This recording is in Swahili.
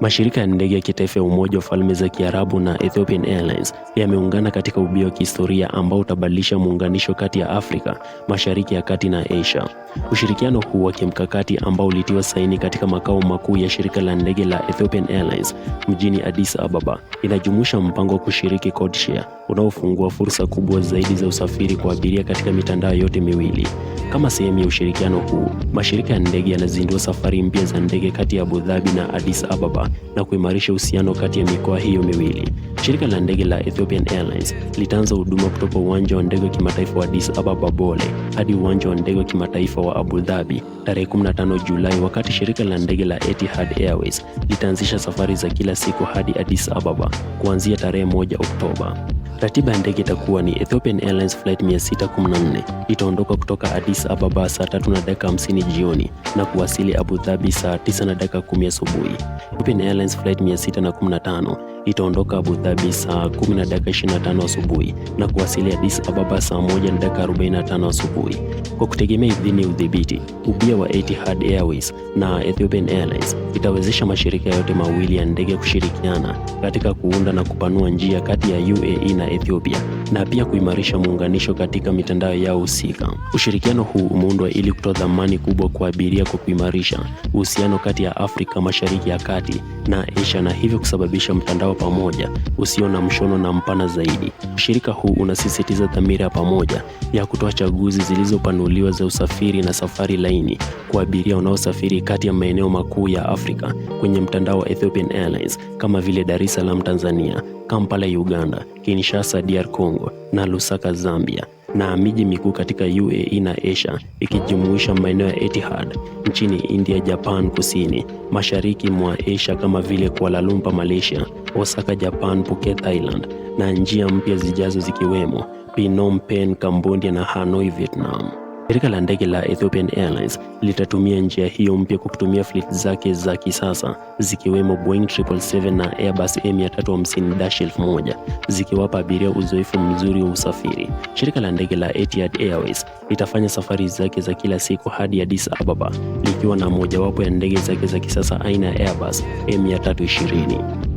Mashirika ya ndege ya kitaifa ya Umoja wa Falme za Kiarabu na Ethiopian Airlines yameungana katika ubia wa kihistoria ambao utabadilisha muunganisho kati ya Afrika, Mashariki ya Kati na Asia. Ushirikiano huu wa kimkakati ambao ulitiwa saini katika makao makuu ya shirika la ndege la Ethiopian Airlines mjini Addis Ababa, inajumuisha mpango wa kushiriki share unaofungua fursa kubwa zaidi za usafiri kwa abiria katika mitandao yote miwili. Kama sehemu ya ushirikiano huu, mashirika ya ndege yanazindua safari mpya za ndege kati ya Abu Dhabi na Addis Ababa na kuimarisha uhusiano kati ya mikoa hiyo miwili. Shirika la ndege la Ethiopian Airlines litaanza huduma kutoka uwanja wa ndege wa kimataifa wa Addis Ababa Bole hadi uwanja wa ndege wa kimataifa wa Abu Dhabi tarehe 15 Julai, wakati shirika la ndege la Etihad Airways litaanzisha safari za kila siku hadi Addis Ababa kuanzia tarehe 1 Oktoba. Ratiba ya ndege itakuwa ni Ethiopian Airlines flight 614 itaondoka kutoka Addis Ababa saa 3 na dakika 50 jioni na kuwasili Abu Dhabi saa 9 na dakika 10 asubuhi. Ethiopian Airlines flight 615 itaondoka Abu Dhabi saa 10 na dakika 25 asubuhi na kuwasili Addis Ababa saa 1 na dakika 45 asubuhi kwa kutegemea idhini ya udhibiti ubia wa Etihad Airways na Ethiopian Airlines itawezesha mashirika yote mawili ya ndege kushirikiana katika kuunda na kupanua njia kati ya UAE na Ethiopia na pia kuimarisha muunganisho katika mitandao yao husika. Ushirikiano huu umeundwa ili kutoa dhamani kubwa kwa abiria kwa kuimarisha uhusiano kati ya Afrika Mashariki ya Kati na Asia na hivyo kusababisha mtandao pamoja usio na mshono na mpana zaidi. Ushirika huu unasisitiza dhamira ya pamoja ya kutoa chaguzi zilizopanuliwa za usafiri na safari laini kwa abiria wanaosafiri kati ya maeneo makuu ya Afrika kwenye mtandao wa Ethiopian Airlines kama vile Dar es Salaam Tanzania, Kampala Uganda, Kinshasa DR Congo na Lusaka Zambia na miji mikuu katika UAE na Asia ikijumuisha maeneo ya Etihad nchini India, Japan Kusini, mashariki mwa Asia kama vile Kuala Lumpur Malaysia, Osaka, Japan, Phuket, Thailand na njia mpya zijazo zikiwemo Phnom Penh, Cambodia na Hanoi, Vietnam. Shirika la ndege la Ethiopian Airlines litatumia njia hiyo mpya kwa kutumia fleet zake za kisasa zikiwemo Boeing 777 na Airbus A350-1000 zikiwapa abiria uzoefu mzuri wa usafiri. Shirika la ndege la Etihad Airways litafanya safari zake za kila siku hadi Addis Ababa likiwa na mojawapo ya ndege zake za kisasa aina ya Airbus A320.